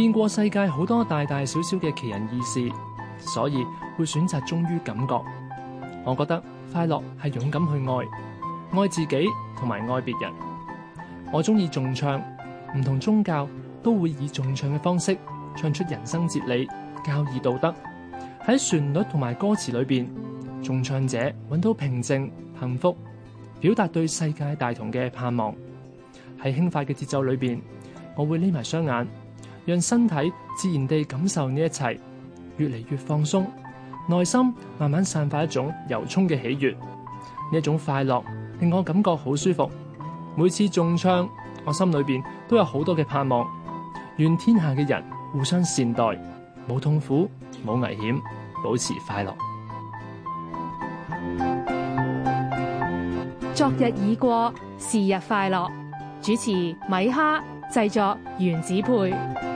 見過世界好多大大小小嘅奇人異事，所以會選擇忠於感覺。我覺得快樂係勇敢去愛，愛自己同埋愛別人。我中意誦唱，唔同宗教都會以誦唱嘅方式唱出人生哲理、教義、道德。喺旋律同埋歌詞裏邊，誦唱者揾到平靜、幸福，表達對世界大同嘅盼望。喺輕快嘅節奏裏邊，我會匿埋雙眼。讓身體自然地感受呢一切，越嚟越放鬆，內心慢慢散發一種由衷嘅喜悅。呢種快樂令我感覺好舒服。每次誦唱，我心裏邊都有好多嘅盼望，願天下嘅人互相善待，冇痛苦，冇危險，保持快樂。昨日已過，是日快樂。主持米哈，製作原子配。